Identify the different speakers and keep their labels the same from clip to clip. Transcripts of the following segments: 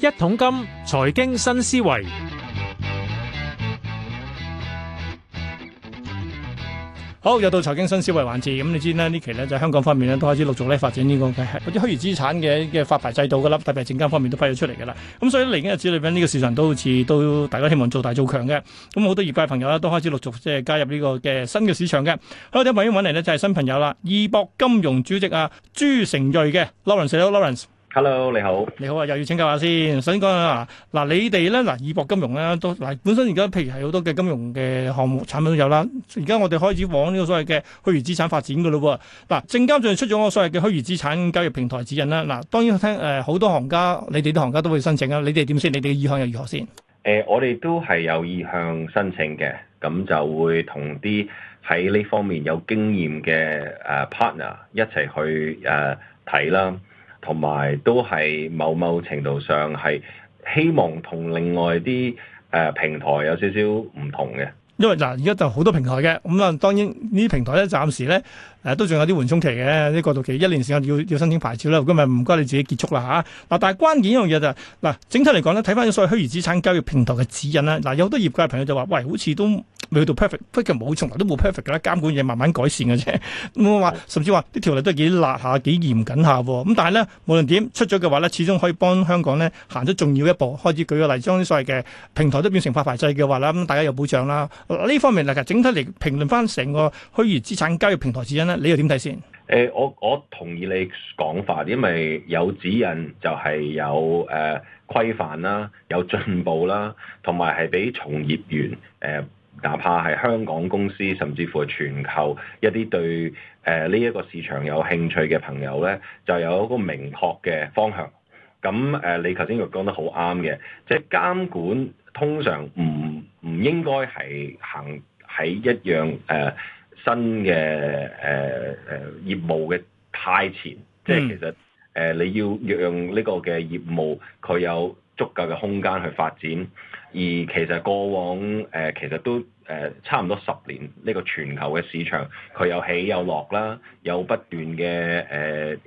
Speaker 1: 一桶金財經新思維，好，又到財經新思維環節，咁、嗯、你知呢，期呢期咧就香港方面咧都開始陸續咧發展呢、這個嘅嗰啲虛擬資產嘅嘅發牌制度噶啦，特別係證監方面都批咗出嚟噶啦。咁、嗯、所以嚟緊日子裏咧，呢、這個市場都好似都大家希望做大做強嘅。咁、嗯、好多業界朋友咧都開始陸續即係加入呢、這個嘅新嘅市場嘅。今日我哋首先揾嚟呢就係、是、新朋友啦，易博金融主席啊朱成瑞嘅 Lawrence。Hello，你好，你好啊！又要請教下先，首先講下嗱，你哋咧嗱，以博金融咧都嗱，本身而家譬如係好多嘅金融嘅項目產品都有啦，而家我哋開始往呢個所謂嘅虛擬資產發展噶咯喎。嗱，證監就出咗個所謂嘅虛擬資產交易平台指引啦。嗱，當然聽誒好、呃、多行家，你哋啲行家都會申請啊。你哋點先？你哋嘅意向又如何先？
Speaker 2: 誒、呃，我哋都係有意向申請嘅，咁就會同啲喺呢方面有經驗嘅誒 partner 一齊去誒睇、啊、啦。同埋都係某某程度上係希望同另外啲誒、呃、平台有少少唔同嘅，
Speaker 1: 因為嗱而家就好多平台嘅，咁、嗯、啊當然呢啲平台咧暫時咧誒、呃、都仲有啲緩衝期嘅呢過渡期，一年時間要要，要申請牌照啦，如果唔係唔該你自己結束啦嚇。嗱、啊，但係關鍵一樣嘢就係、是、嗱，整體嚟講咧睇翻所有虛擬資產交易平台嘅指引啦，嗱、啊、有好多業界朋友就話喂，好似都。未去到 perfect，其實冇，從來都冇 perfect 㗎啦。監管嘢慢慢改善嘅啫。咁我話，甚至話啲條例都幾辣下，幾嚴緊下。咁、嗯、但係咧，無論點出咗嘅話咧，始終可以幫香港咧行咗重要一步，開始舉個例子，將啲所謂嘅平台都變成發牌制嘅話啦，咁、嗯、大家有保障啦。呢方面，其實整體嚟評論翻成個虛擬資產交易平台指引咧，你又點睇先？
Speaker 2: 誒、欸，我我同意你講法，因咪有指引就有，就係有誒規範啦，有進步啦，同埋係俾從業員誒。呃哪怕係香港公司，甚至乎係全球一啲對誒呢一個市場有興趣嘅朋友咧，就有一個明確嘅方向。咁誒、呃，你頭先又講得好啱嘅，即係監管通常唔唔應該係行喺一樣誒、呃、新嘅誒誒業務嘅太前，嗯、即係其實誒、呃、你要讓呢個嘅業務佢有足夠嘅空間去發展。而其實過往誒、呃，其實都誒、呃、差唔多十年呢、這個全球嘅市場，佢有起有落啦，有不斷嘅誒誒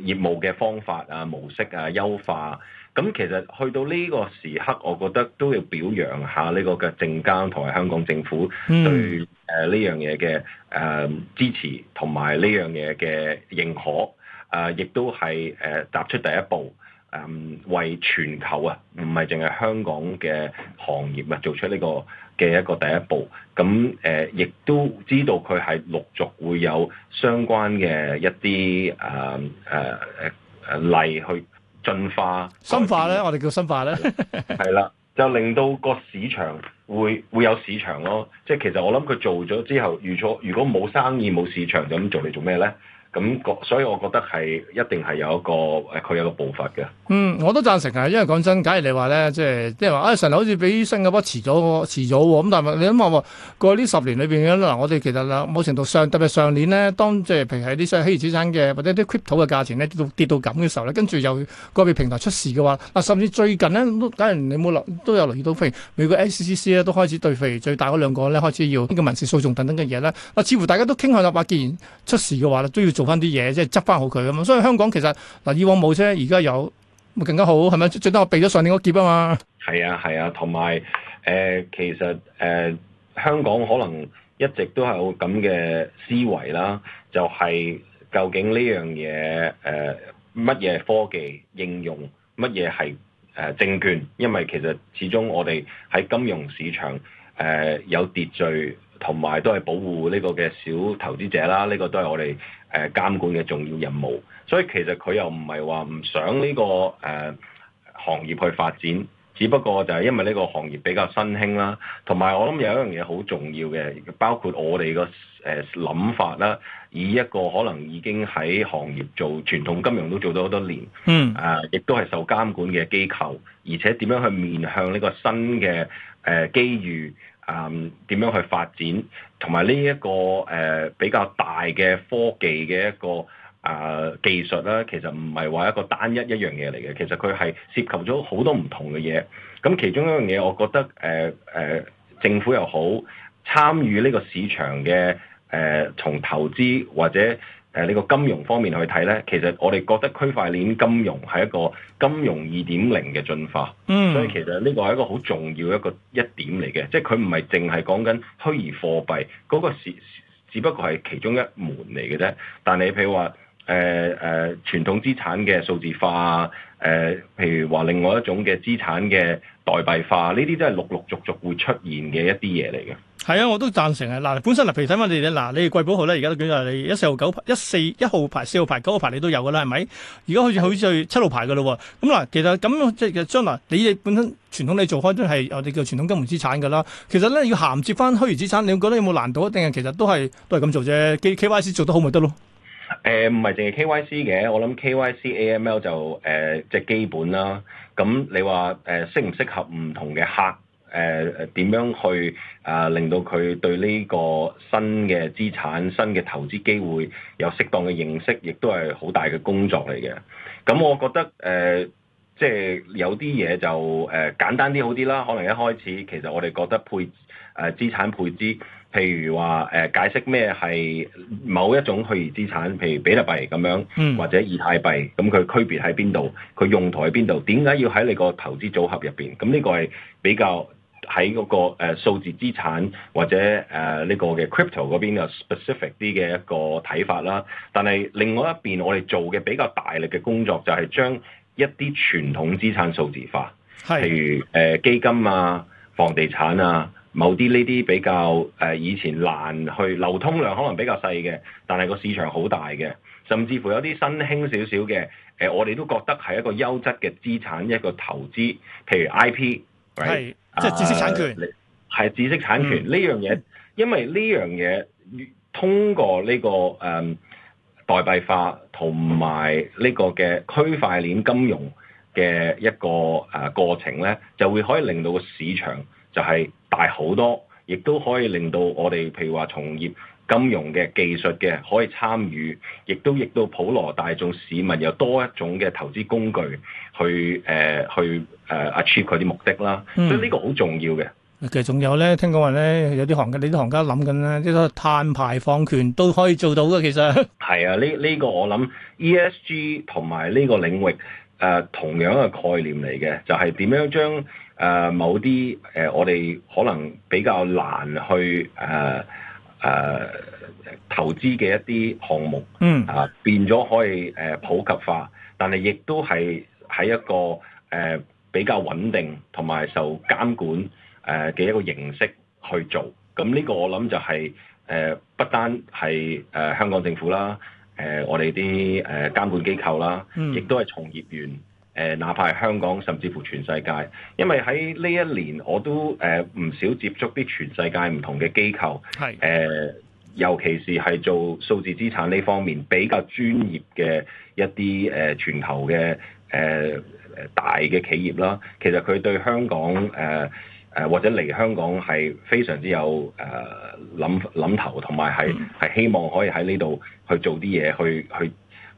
Speaker 2: 業務嘅方法啊、模式啊優化。咁、啊、其實去到呢個時刻，我覺得都要表揚下呢個嘅證監同埋香港政府對誒呢樣嘢嘅誒支持，同埋呢樣嘢嘅認可。啊、呃，亦都係誒、呃、踏出第一步。嗯，為全球啊，唔係淨係香港嘅行業啊，做出呢個嘅一個第一步。咁誒，亦、呃、都知道佢係陸續會有相關嘅一啲誒誒誒例去進化、
Speaker 1: 深化咧。我哋叫深化咧，
Speaker 2: 係 啦，就令到個市場會會有市場咯。即係其實我諗佢做咗之後，如果，如果冇生意、冇市場，咁做嚟做咩咧？咁，所以我覺得係一定係有一個誒，佢有一個步伐嘅。嗯，
Speaker 1: 我都贊成啊，因為講真，假如你話咧，即係即係話啊，成日、哎、好似俾新加坡遲咗，遲咗喎。咁但係你諗下喎，過呢十年裏邊嗱，我哋其實某、啊、程度上特別上年呢，當即係譬如係啲所謂虛擬資產嘅或者啲 crypto 嘅價錢咧跌到跌到咁嘅時候咧，跟住又個別平台出事嘅話，啊甚至最近呢，都，假如你冇留都有留意到，譬如美國 SCC 咧都開始對肥最大嗰兩個咧開始要呢個民事訴訟等等嘅嘢咧，啊似乎大家都傾向啊，既然出事嘅話咧都要做。翻啲嘢，即係執翻好佢咁嘛。所以香港其實嗱，以往冇啫，而 家樂、啊啊、有，咪更加好係咪？最多我避咗上年嗰劫啊嘛！
Speaker 2: 係啊係啊，同埋誒，其實誒、呃，香港可能一直都係有咁嘅思維啦，就係、是、究竟呢樣嘢誒，乜、呃、嘢科技應用，乜嘢係誒證券？因為其實始終我哋喺金融市場誒、呃、有秩序。同埋都係保護呢個嘅小投資者啦，呢、這個都係我哋誒監管嘅重要任務。所以其實佢又唔係話唔想呢、這個誒、呃、行業去發展，只不過就係因為呢個行業比較新興啦。同埋我諗有一樣嘢好重要嘅，包括我哋個誒諗法啦。以一個可能已經喺行業做傳統金融都做咗好多年，嗯、呃、啊，亦都係受監管嘅機構，而且點樣去面向呢個新嘅誒、呃、機遇？啊，點、嗯、樣去發展同埋呢一個誒、呃、比較大嘅科技嘅一個啊、呃、技術咧、啊，其實唔係話一個單一一樣嘢嚟嘅，其實佢係涉及咗好多唔同嘅嘢。咁其中一樣嘢，我覺得誒誒、呃呃、政府又好參與呢個市場嘅誒、呃，從投資或者。誒呢個金融方面去睇咧，其實我哋覺得區塊鏈金融係一個金融二點零嘅進化，嗯、所以其實呢個係一個好重要嘅一點嚟嘅，即係佢唔係淨係講緊虛擬貨幣嗰個事，只不過係其中一門嚟嘅啫。但你譬如話。誒誒、呃、傳統資產嘅數字化，誒、呃、譬如話另外一種嘅資產嘅代幣化，呢啲都係陸陸續續會出現嘅一啲嘢嚟嘅。
Speaker 1: 係啊，我都贊成啊！嗱，本身嗱，譬如睇翻你咧，嗱，你貴寶號咧，而家都舉例，你一四號九一四一號牌、四號牌、九號牌你都有嘅啦，係咪？而家好似去七號牌嘅嘞喎。咁嗱的，其實咁即係將來你哋本身傳統你做開都係我哋叫傳統金融資產嘅啦。其實咧要銜接翻虛擬資產，你覺得有冇難度啊？定係其實都係都係咁做啫，KYC 做得好咪得咯？
Speaker 2: 誒唔係淨係 KYC 嘅，我諗 KYC AML 就誒即係基本啦。咁、嗯、你話誒適唔適合唔同嘅客？誒誒點樣去啊、呃、令到佢對呢個新嘅資產、新嘅投資機會有適當嘅認識，亦都係好大嘅工作嚟嘅。咁、嗯、我覺得誒、呃，即係有啲嘢就誒、呃、簡單啲好啲啦。可能一開始其實我哋覺得配誒資、呃、產配置。譬如話誒、呃、解釋咩係某一種虛擬資產，譬如比特幣咁樣，嗯、或者以太幣，咁佢區別喺邊度，佢用途喺邊度，點解要喺你個投資組合入邊？咁呢個係比較喺嗰、嗰個誒、呃、數字資產或者誒呢、呃呢個嘅 crypto 嗰邊嘅 specific 啲嘅一個睇法啦。但係另外一邊，我哋做嘅比較大力嘅工作就係將一啲傳統資產數字化，的譬如誒、呃、基金啊、房地產啊。某啲呢啲比較誒、呃、以前難去流通量可能比較細嘅，但係個市場好大嘅。甚至乎有啲新興少少嘅，誒、呃、我哋都覺得係一個優質嘅資產，一個投資，譬如 IP 係即係知識產權，係、呃、知識產權呢、嗯、樣嘢，因為呢樣嘢通過呢、呢個誒、呃、代幣化同埋呢個嘅區塊鏈金融。嘅一個誒過程咧，就會可以令到個市場就係大好多，亦都可以令到我哋譬如話從業金融嘅、技術嘅可以參與，亦都亦到普羅大眾市民有多一種嘅投資工具去誒、呃、去誒 achieve 佢啲目的啦。所以呢個好重要嘅、嗯。
Speaker 1: 其實仲有咧，聽講話咧，有啲行，行家，你啲行家諗緊咧，啲碳排放權都可以做到嘅，其實。
Speaker 2: 係啊，呢、呢、呢、個呢個我諗
Speaker 1: ESG 同
Speaker 2: 埋呢個領域。誒、啊、同樣嘅概念嚟嘅，就係、是、點樣將誒、呃、某啲誒我哋可能比較難去誒誒、呃啊、投資嘅一啲項目，嗯啊變咗可以誒、呃、普及化，但係亦都係喺一個誒、呃、比較穩定同埋受監管誒嘅、呃、一個形式去做。咁、嗯、呢、這個我諗就係、是、誒、呃、不單係誒、呃、香港政府啦。誒、呃，我哋啲誒監管機構啦，亦都係從業員，誒、呃，哪怕係香港，甚至乎全世界，因為喺呢一年我都誒唔、呃、少接觸啲全世界唔同嘅機構，係誒是、呃，尤其是係做數字資產呢方面比較專業嘅一啲誒、呃、全球嘅誒、呃、大嘅企業啦，其實佢對香港誒、呃誒或者嚟香港係非常之有誒諗諗頭，同埋係係希望可以喺呢度去做啲嘢，去去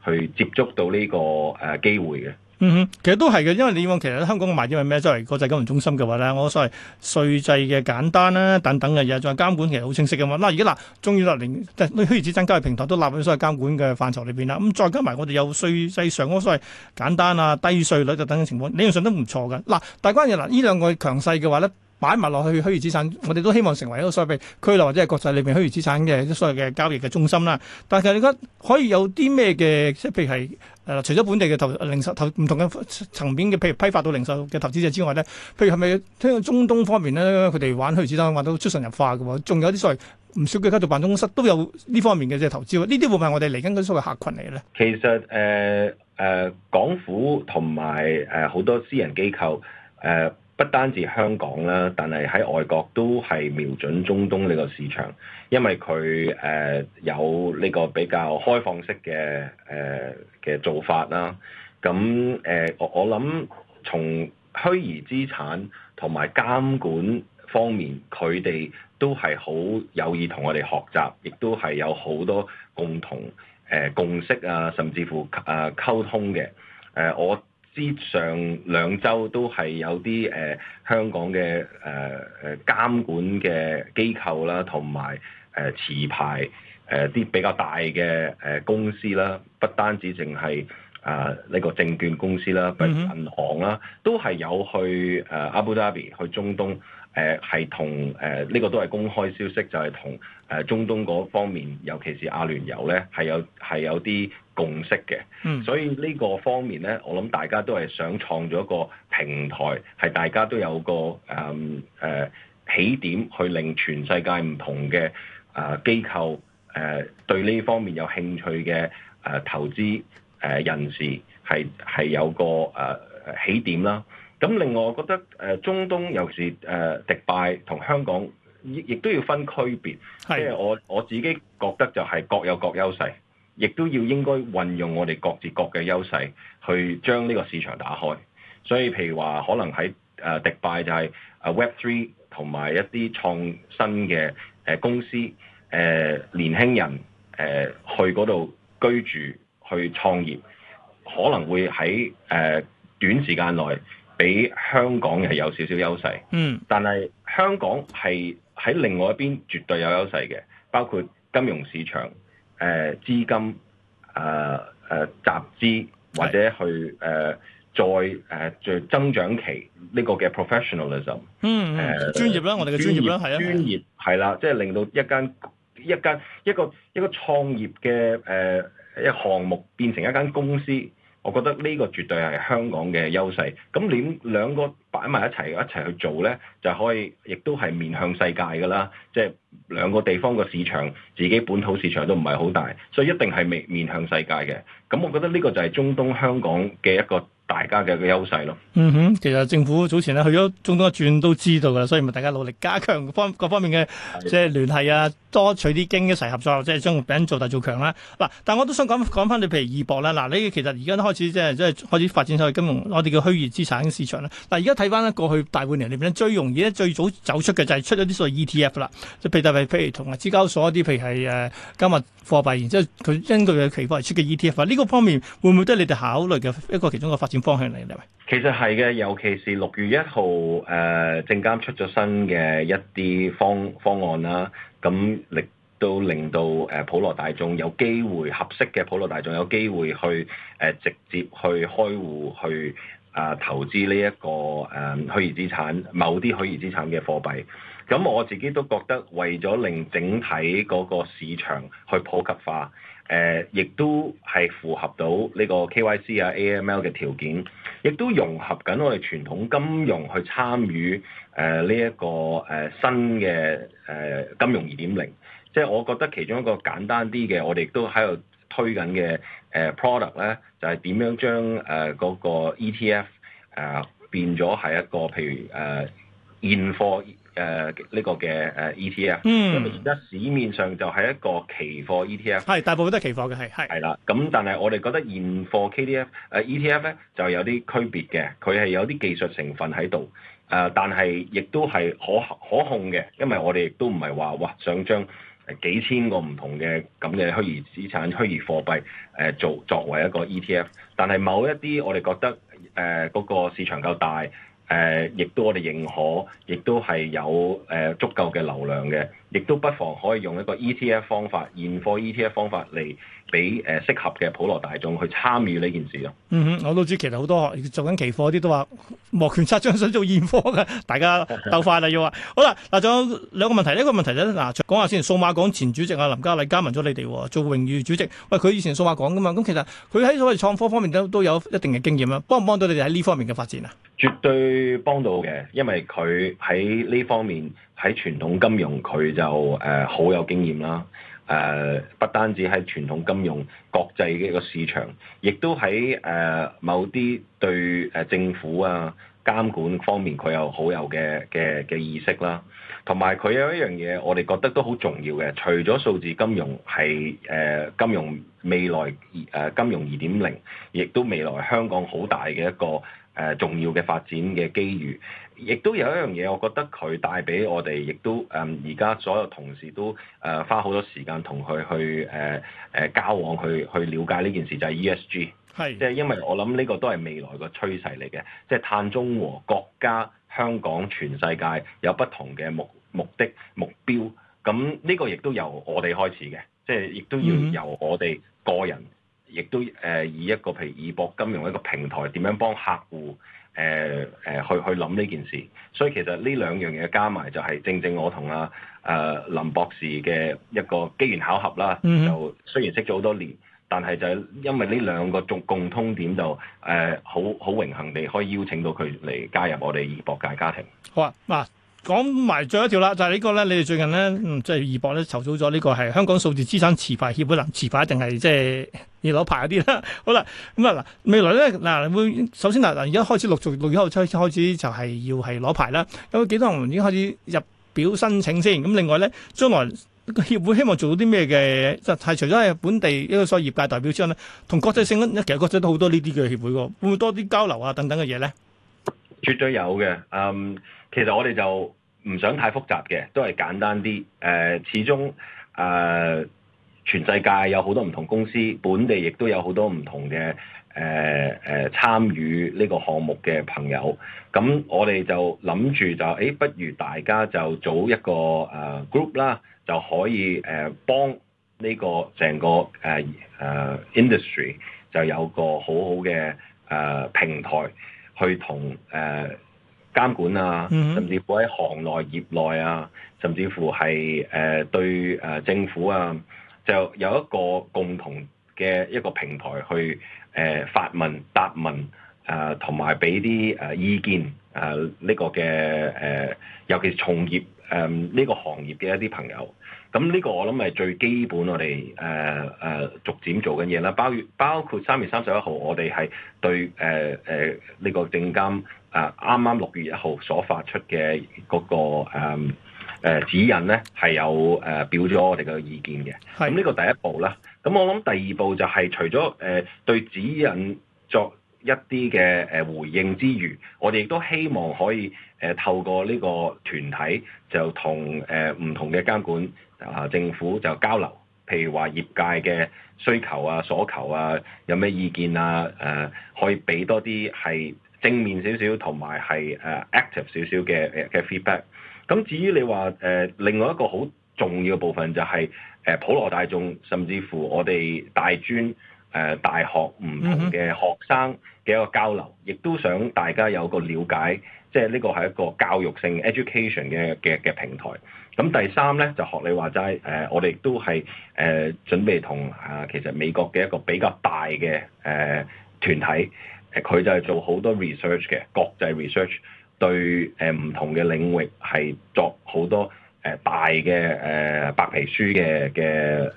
Speaker 2: 去接觸到呢、這個誒、呃、機會嘅。嗯
Speaker 1: 哼，其實都係嘅，因為你往其實香港嘅賣點係咩？即係國際金融中心嘅話咧，我所謂稅制嘅簡單啦、啊，等等嘅嘢，仲有監管其實好清晰嘅嘛。嗱而家嗱終於啦，連虛擬資產交易平台都納喺所謂監管嘅範疇裏邊啦。咁再加埋我哋有稅制上嗰所謂簡單啊、低稅率就等等情況，理論上都唔錯嘅。嗱，但關係關鍵嗱呢兩個強勢嘅話咧。呢擺埋落去虛擬資產，我哋都希望成為一個所謂區內或者係國際裏邊虛擬資產嘅所謂嘅交易嘅中心啦。但係你覺得可以有啲咩嘅，即係譬如係誒、呃，除咗本地嘅投零售、投唔同嘅層面嘅，譬如批發到零售嘅投資者之外咧，譬如係咪聽講中東方面咧，佢哋玩虛擬資產玩到出神入化嘅喎？仲有啲所謂唔少嘅家族辦公室都有呢方面嘅即係投資喎？呢啲會唔會係我哋嚟緊嗰所謂客群嚟嘅
Speaker 2: 咧？其實誒誒、呃呃，港府同埋誒好多私人機構誒。呃不單止香港啦，但係喺外國都係瞄準中東呢個市場，因為佢誒、呃、有呢個比較開放式嘅誒嘅做法啦。咁、啊、誒、呃，我我諗從虛擬資產同埋監管方面，佢哋都係好有意同我哋學習，亦都係有好多共同誒、呃、共識啊，甚至乎啊溝、呃、通嘅。誒、呃、我。上兩周都係有啲誒、呃、香港嘅誒誒監管嘅機構啦，同埋誒持牌誒啲比較大嘅誒、呃、公司啦，不單止淨係。啊！呢、這個證券公司啦，譬如銀行啦，都係有去誒阿布達比，呃、i, 去中東誒，係、呃、同誒呢、呃這個都係公開消息，就係、是、同誒、呃、中東嗰方面，尤其是阿聯酋咧，係有係有啲共識嘅。所以呢個方面咧，我諗大家都係想創造一個平台，係大家都有個誒誒、嗯呃、起點，去令全世界唔同嘅啊機構誒、呃、對呢方面有興趣嘅誒、呃、投資。誒、呃、人士係係有個誒、呃、起點啦。咁另外，我覺得誒、呃、中東尤其是誒、呃、迪拜同香港亦亦都要分區別，即係的我我自己覺得就係各有各優勢，亦都要應該運用我哋各自各嘅優勢去將呢個市場打開。所以，譬如話可能喺誒、呃、迪拜就係誒 Web Three 同埋一啲創新嘅誒公司誒、呃、年輕人誒、呃、去嗰度居住。去創業可能會喺誒短時間內比香港係有少少優勢，嗯，但係香港係喺另外一邊絕對有優勢嘅，包括金融市場誒資金啊誒集資或者去誒再誒在增長期呢個嘅 professionalism，嗯
Speaker 1: 誒專業啦，我哋嘅專業啦係啊，專業
Speaker 2: 係啦，即係令到一間一間一個一個創業嘅誒。一項目變成一間公司，我覺得呢個絕對係香港嘅優勢。咁兩兩個擺埋一齊，一齊去做呢，就可以亦都係面向世界㗎喇。即係兩個地方嘅市場，自己本土市場都唔係好大，所以一定係面面向世界嘅。咁我覺得呢個就係中東香港嘅一個。大家嘅個
Speaker 1: 優勢咯。嗯哼，其實政府早前咧去咗中東一轉都知道噶，所以咪大家努力加強方各方面嘅的即係聯繫啊，多取啲經一齊合作，即係將個餅做大做強啦。嗱，但係我都想講講翻你，譬如易博啦。嗱，你其實而家都開始即係即係開始發展咗去金融，我哋叫虛擬資產市場啦。嗱，而家睇翻咧過去大半年裏邊咧最容易咧最早走出嘅就係出咗啲所謂 ETF 啦。即譬如，譬如同啊，資交所一啲，譬如係誒今日。貨幣，然之後佢根據嘅期貨而出嘅 ETF，呢個方面會唔會都係你哋考慮嘅一個其中一個發展方向嚟咧？
Speaker 2: 其實係嘅，尤其是六月一號，誒、呃、證監出咗新嘅一啲方方案啦，咁亦都令到誒、呃、普羅大眾有機會，合適嘅普羅大眾有機會去誒、呃、直接去開戶去啊、呃、投資呢、這、一個誒虛擬資產某啲虛擬資產嘅貨幣。咁我自己都覺得，為咗令整體嗰個市場去普及化，誒、呃，亦都係符合到呢個 KYC 啊 AML 嘅條件，亦都融合緊我哋傳統金融去參與誒呢一個誒、呃、新嘅誒、呃、金融二點零。即係我覺得其中一個簡單啲嘅，我哋都喺度推緊嘅誒 product 咧，就係、是、點樣將誒嗰個 ETF 誒、呃、變咗係一個譬如誒現貨。呃誒呢、呃這個嘅誒 ETF，因為而家市面上就係一個期貨 ETF，係大部分都係期貨嘅，係係。係啦，咁但係我哋覺得現貨 KDF 誒、呃、ETF 咧就有啲區別嘅，佢係有啲技術成分喺度。誒、呃，但係亦都係可可控嘅，因為我哋亦都唔係話哇想將幾千個唔同嘅咁嘅虛擬資產、虛擬貨幣誒做、呃、作為一個 ETF，但係某一啲我哋覺得誒嗰、呃那個市場夠大。誒，亦、呃、都我哋認可，亦都係有誒、呃、足夠嘅流量嘅，亦都不妨可以用一個 ETF 方法、現貨 ETF 方法嚟俾誒適合嘅普羅大眾去參與呢件事咯。
Speaker 1: 嗯哼，我都知其實好多做緊期貨啲都話，摩拳擦掌想做現貨嘅，大家鬥快啦要話。Okay. 好啦，嗱仲有兩個問題，第一個問題咧、就是，嗱講下先說說，數碼港前主席阿林嘉麗加盟咗你哋，做榮譽主席，喂佢以前數碼港噶嘛，咁其實佢喺所謂創科方面都都有一定嘅經驗啦，幫唔幫到你哋喺呢方面嘅發展啊？
Speaker 2: 絕對。會幫到嘅，因為佢喺呢方面喺傳統金融佢就誒好、呃、有經驗啦。誒、呃、不單止喺傳統金融國際嘅一個市場，亦都喺誒、呃、某啲對誒政府啊監管方面有有，佢有好有嘅嘅嘅意識啦。同埋佢有一樣嘢，我哋覺得都好重要嘅，除咗數字金融係誒、呃、金融未來誒、呃、金融二點零，亦都未來香港好大嘅一個。誒、呃、重要嘅發展嘅機遇，亦都有一樣嘢，我覺得佢帶俾我哋，亦都誒而家所有同事都誒、呃、花好多時間同佢去誒誒交往，去去瞭解呢件事就係 ESG，係即係因為我諗呢個都係未來個趨勢嚟嘅。即係碳中和國家、香港、全世界有不同嘅目目的目標，咁呢個亦都由我哋開始嘅，即係亦都要由我哋個人。嗯亦都誒以一個譬如易博金融一個平台點樣幫客戶誒誒去去諗呢件事，所以其實呢兩樣嘢加埋就係正正我同啊誒、呃、林博士嘅一個機緣巧合啦。就雖然識咗好多年，但係就係因為呢兩個仲共通點就誒好好榮幸地可以邀請到佢嚟加入我哋易博界家庭。
Speaker 1: 好啊，嗱講埋最後一條啦，就係呢個咧，你哋最近咧，即係易博咧籌組咗呢個係香港數字資產持牌協會啦，持牌定係即係。要攞牌嗰啲啦，好啦，咁啊嗱，未來咧嗱會首先嗱嗱而家開始陸續六月後初開始就係要係攞牌啦。咁幾多人已經開始入表申請先？咁、嗯、另外咧，將來協會希望做到啲咩嘅？就係除咗係本地一個所謂業界代表之外咧，同國際性咧，其實國際都好多呢啲嘅協會喎，會唔會多啲交流啊等等嘅嘢咧？
Speaker 2: 絕對有嘅。嗯，其實我哋就唔想太複雜嘅，都係簡單啲。誒、呃，始終誒。呃全世界有好多唔同公司，本地亦都有好多唔同嘅誒誒參與呢個項目嘅朋友。咁我哋就諗住就誒、欸、不如大家就組一個誒、呃、group 啦，就可以誒幫呢個成個誒誒、呃、industry 就有個好好嘅誒平台去同誒監管啊，mm hmm. 啊，甚至乎喺行內業內啊，甚至乎係誒對誒、呃、政府啊。就有一個共同嘅一個平台去誒、呃、發問答問啊，同埋俾啲誒意見啊，呢、呃這個嘅誒、呃，尤其是從業誒呢、呃這個行業嘅一啲朋友。咁、呃、呢、這個我諗係最基本我哋誒誒逐漸做緊嘢啦。包月包括三月三十一號我哋係對誒誒呢個證監啊，啱啱六月一號所發出嘅嗰、那個、呃呃、指引咧，係有誒、呃、表咗我哋嘅意見嘅，咁呢的個第一步啦。咁我諗第二步就係除咗誒、呃、對指引作一啲嘅誒回應之餘，我哋亦都希望可以誒、呃、透過呢個團體就、呃、同誒唔同嘅監管啊、呃、政府就交流，譬如話業界嘅需求啊、所求啊，有咩意見啊？誒、呃、可以俾多啲係正面少少同埋係誒 active 少少嘅嘅 feedback。呃咁至於你話誒、呃，另外一個好重要嘅部分就係、是、誒、呃、普羅大眾，甚至乎我哋大專誒、呃、大學唔同嘅學生嘅一個交流，亦、mm hmm. 都想大家有個了解，即係呢個係一個教育性 education 嘅嘅嘅平台。咁第三咧就學你話齋誒，我哋都係誒準備同啊其實美國嘅一個比較大嘅誒、呃、團體，佢、呃、就係做好多 research 嘅國際 research。對誒唔同嘅領域係作好多誒大嘅誒白皮書嘅嘅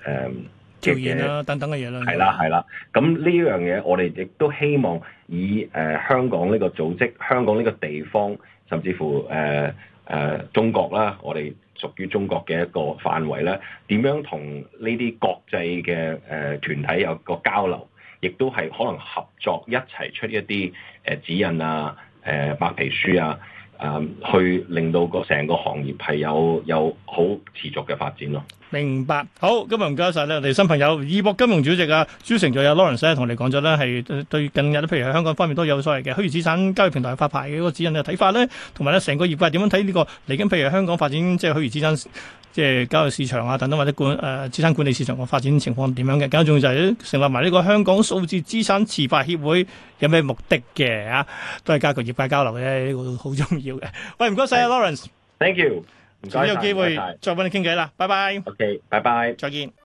Speaker 2: 誒嘢啦，等
Speaker 1: 等嘅嘢啦。係啦、嗯，係啦。
Speaker 2: 咁呢樣嘢，我哋亦都希望以誒香港呢個組織、香港呢個地方，甚至乎誒誒、呃呃、中國啦，我哋屬於中國嘅一個範圍咧，點樣同呢啲國際嘅誒團體有個交流，亦都係可能合作一齊出一啲誒指引啊。誒，白皮書啊！誒、嗯，去令到個成個行業係有有好持續嘅發展咯。
Speaker 1: 明白，好，今日唔該曬咧，我哋新朋友義博金融主席啊，朱成仲有 Lawrence 啊，同你講咗咧，係對近日譬如喺香港方面都有所謂嘅虛擬資產交易平台發牌嘅一個指引嘅睇法咧，同埋咧，成個業界點樣睇呢個嚟緊？譬如香港發展即係虛擬資產，即係交易市場啊，等等或者管誒、呃、資產管理市場嘅發展情況點樣嘅？更加重要就係成立埋呢個香港數字資產持牌協會有咩目的嘅啊？都係加個業界交流嘅，呢個好重要。喂，唔該曬啊，Lawrence，Thank you，唔該曬，有機會再揾你傾偈啦，拜拜。OK，拜拜，再見。